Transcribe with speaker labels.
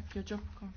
Speaker 1: Ekk joġobkom.